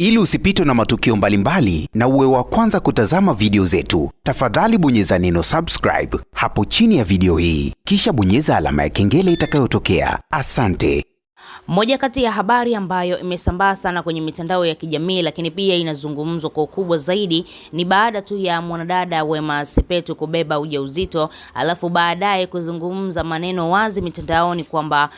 Ili usipitwe na matukio mbalimbali mbali, na uwe wa kwanza kutazama video zetu, tafadhali bonyeza neno subscribe hapo chini ya video hii, kisha bonyeza alama ya kengele itakayotokea. Asante. Moja kati ya habari ambayo imesambaa sana kwenye mitandao ya kijamii lakini pia inazungumzwa kwa ukubwa zaidi ni baada tu ya mwanadada Wema Sepetu kubeba ujauzito alafu baadaye kuzungumza maneno wazi mitandaoni kwamba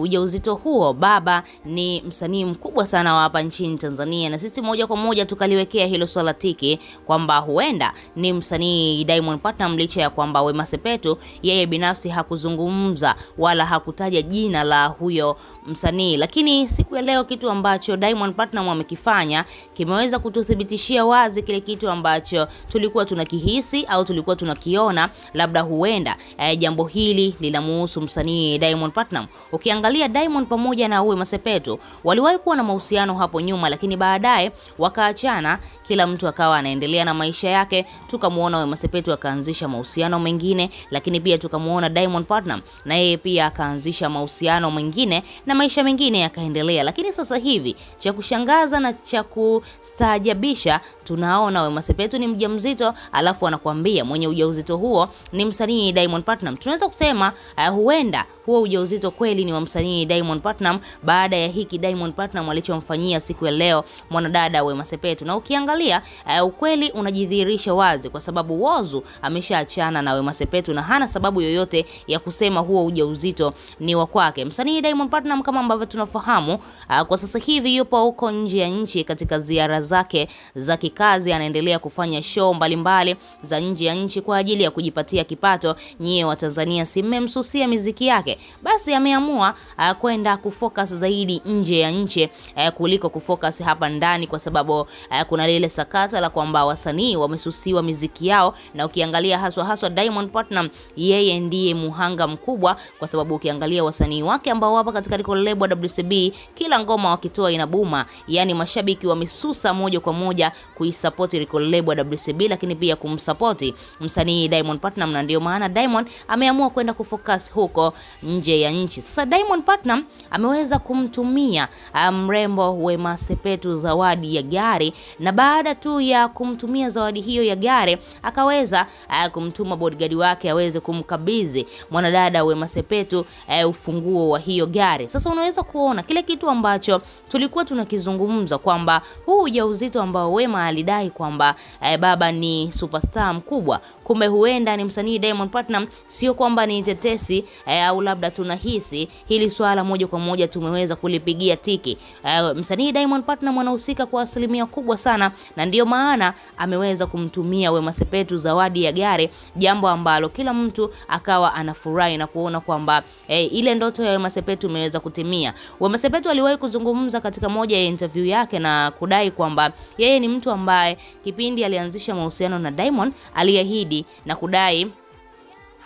ujauzito huo. Baba ni msanii mkubwa sana wa hapa nchini Tanzania, na sisi moja kwa moja tukaliwekea hilo swala tiki kwamba huenda ni msanii Diamond Platnumz, licha ya kwamba Wema Sepetu yeye binafsi hakuzungumza wala hakutaja jina la huyo msanii, lakini siku ya leo kitu ambacho Diamond Platnumz amekifanya kimeweza kututhibitishia wazi kile kitu ambacho tulikuwa tunakihisi au tulikuwa tunakiona, labda huenda eh, jambo hili linamuhusu msanii Diamond Platnumz. Ukiangalia Diamond pamoja na huyu Masepetu waliwahi kuwa na mahusiano hapo nyuma, lakini baadaye wakaachana, kila mtu akawa anaendelea na maisha yake. Tukamwona huyu Masepetu akaanzisha mahusiano mengine, lakini pia tukamwona Diamond Platnumz na yeye pia akaanzisha mahusiano mengine na maisha mengine yakaendelea. Lakini sasa hivi cha kushangaza na cha kustaajabisha tunaona Wema Sepetu ni mjamzito, alafu anakuambia mwenye ujauzito huo ni msanii Diamond Platnumz. Tunaweza kusema uh, huenda huo ujauzito kweli umaskini wa msanii Diamond Platinum baada ya hiki Diamond Platinum alichomfanyia siku ya leo mwanadada Wema Sepetu. Na ukiangalia uh, ukweli unajidhihirisha wazi kwa sababu Whozu ameshaachana na Wema Sepetu na hana sababu yoyote ya kusema huo ujauzito ni wa kwake. Msanii Diamond Platinum kama ambavyo tunafahamu, uh, kwa sasa hivi yupo huko nje ya nchi katika ziara zake za kikazi, anaendelea kufanya show mbalimbali mbali za nje ya nchi kwa ajili ya kujipatia kipato. Nyie wa Tanzania si mmemsusia miziki yake, basi ameamua kuamua uh, eh, kwenda kufocus zaidi nje ya nje uh, kuliko kufocus hapa ndani, kwa sababu uh, kuna lile sakata la kwamba wasanii wamesusiwa miziki yao, na ukiangalia haswa haswa Diamond Platnumz, yeye ndiye muhanga mkubwa, kwa sababu ukiangalia wasanii wake ambao wapa katika record label WCB, kila ngoma wakitoa inabuma, yani mashabiki wamesusa moja kwa moja kuisupport record label WCB, lakini pia kumsupport msanii Diamond Platnumz, na ndio maana Diamond ameamua kwenda kufocus huko nje ya nchi sasa Diamond Platinum ameweza kumtumia ah, mrembo Wema Sepetu zawadi ya gari, na baada tu ya kumtumia zawadi hiyo ya gari akaweza ah, kumtuma bodyguard wake aweze kumkabidhi mwanadada Wema Sepetu eh, ufunguo wa hiyo gari. Sasa unaweza kuona kile kitu ambacho tulikuwa tunakizungumza kwamba huu ujauzito ambao Wema alidai kwamba eh, baba ni superstar mkubwa, kumbe huenda ni msanii Diamond Platinum, sio kwamba ni tetesi eh, au labda tunahisi hili swala moja kwa moja tumeweza kulipigia tiki. Uh, msanii Diamond Platnumz anahusika kwa asilimia kubwa sana, na ndiyo maana ameweza kumtumia Wema Sepetu zawadi ya gari, jambo ambalo kila mtu akawa anafurahi na kuona kwamba eh, ile ndoto ya Wema Sepetu imeweza kutimia. Wema Sepetu aliwahi kuzungumza katika moja ya interview yake na kudai kwamba yeye ni mtu ambaye kipindi alianzisha mahusiano na Diamond aliahidi na kudai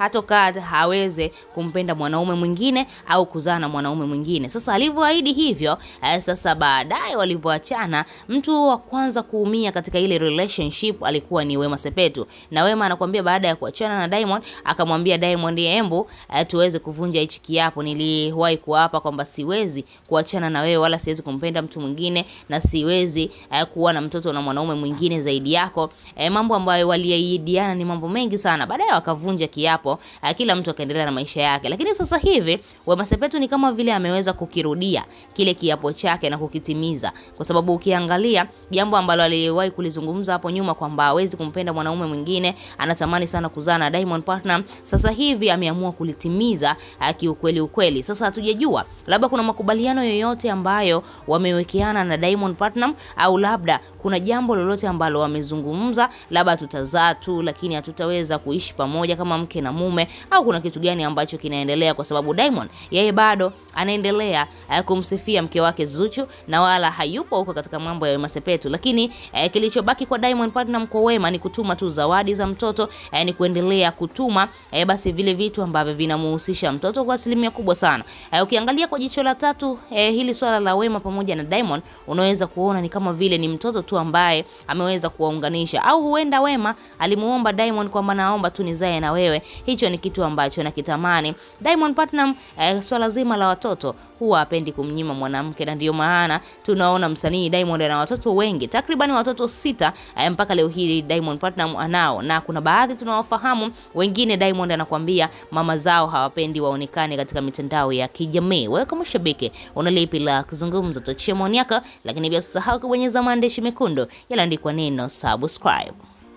hatokaa haweze kumpenda mwanaume mwingine au kuzaa na mwanaume mwingine. Sasa alivyoahidi hivyo, eh, sasa baadaye walivyoachana, mtu wa kwanza kuumia katika ile relationship alikuwa ni Wema Sepetu, na Wema anakuambia baada ya kuachana na Diamond akamwambia Diamond, eh, Embu eh, tuweze kuvunja hichi kiapo niliwahi kuapa kwamba siwezi kuachana na wewe wala siwezi kumpenda mtu mwingine na siwezi kuwa na mtoto na mwanaume mwingine zaidi yako. Eh, mambo ambayo waliahidiana ni mambo mengi sana, baadaye wakavunja kiapo. Eh, kila mtu akaendelea na maisha yake. Lakini sasa hivi Wema Sepetu ni kama vile ameweza kukirudia kile kiapo chake na kukitimiza, kwa sababu ukiangalia jambo ambalo aliwahi kulizungumza hapo nyuma kwamba hawezi kumpenda mwanaume mwingine, anatamani sana kuzaa na Diamond Platnumz, sasa hivi ameamua kulitimiza eh, kiukweli ukweli. Sasa hatujajua labda kuna makubaliano yoyote ambayo wamewekeana na Diamond Platnumz, au labda kuna jambo lolote ambalo wamezungumza, labda tutazaa tu, lakini hatutaweza kuishi pamoja kama mke na mume mume au kuna kitu gani ambacho kinaendelea, kwa sababu Diamond yeye bado anaendelea eh, kumsifia mke wake Zuchu na wala hayupo huko katika mambo ya Masepetu. Lakini eh, kilichobaki kwa Diamond Platnumz kwa Wema ni kutuma tu zawadi za mtoto, eh, ni kuendelea kutuma eh, basi vile vitu ambavyo vinamhusisha mtoto kwa asilimia kubwa sana. eh, Ukiangalia kwa jicho la tatu eh, hili swala la Wema pamoja na Diamond unaweza kuona ni kama vile ni mtoto tu ambaye ameweza kuwaunganisha, au huenda Wema alimuomba Diamond kwamba naomba tu nizae na wewe hicho ni kitu ambacho nakitamani. Diamond Platinum eh, swala zima la watoto huwa apendi kumnyima mwanamke, na ndio maana tunaona msanii Diamond ana watoto wengi, takriban watoto sita eh, mpaka leo hii Diamond Platinum anao, na kuna baadhi tunawafahamu wengine, Diamond anakuambia mama zao hawapendi waonekane katika mitandao ya kijamii. Wewe kama shabiki unalipi la kuzungumza? tochemoniaka maoni yako, lakini pia usisahau kubonyeza maandishi mekundu yaliandikwa neno subscribe.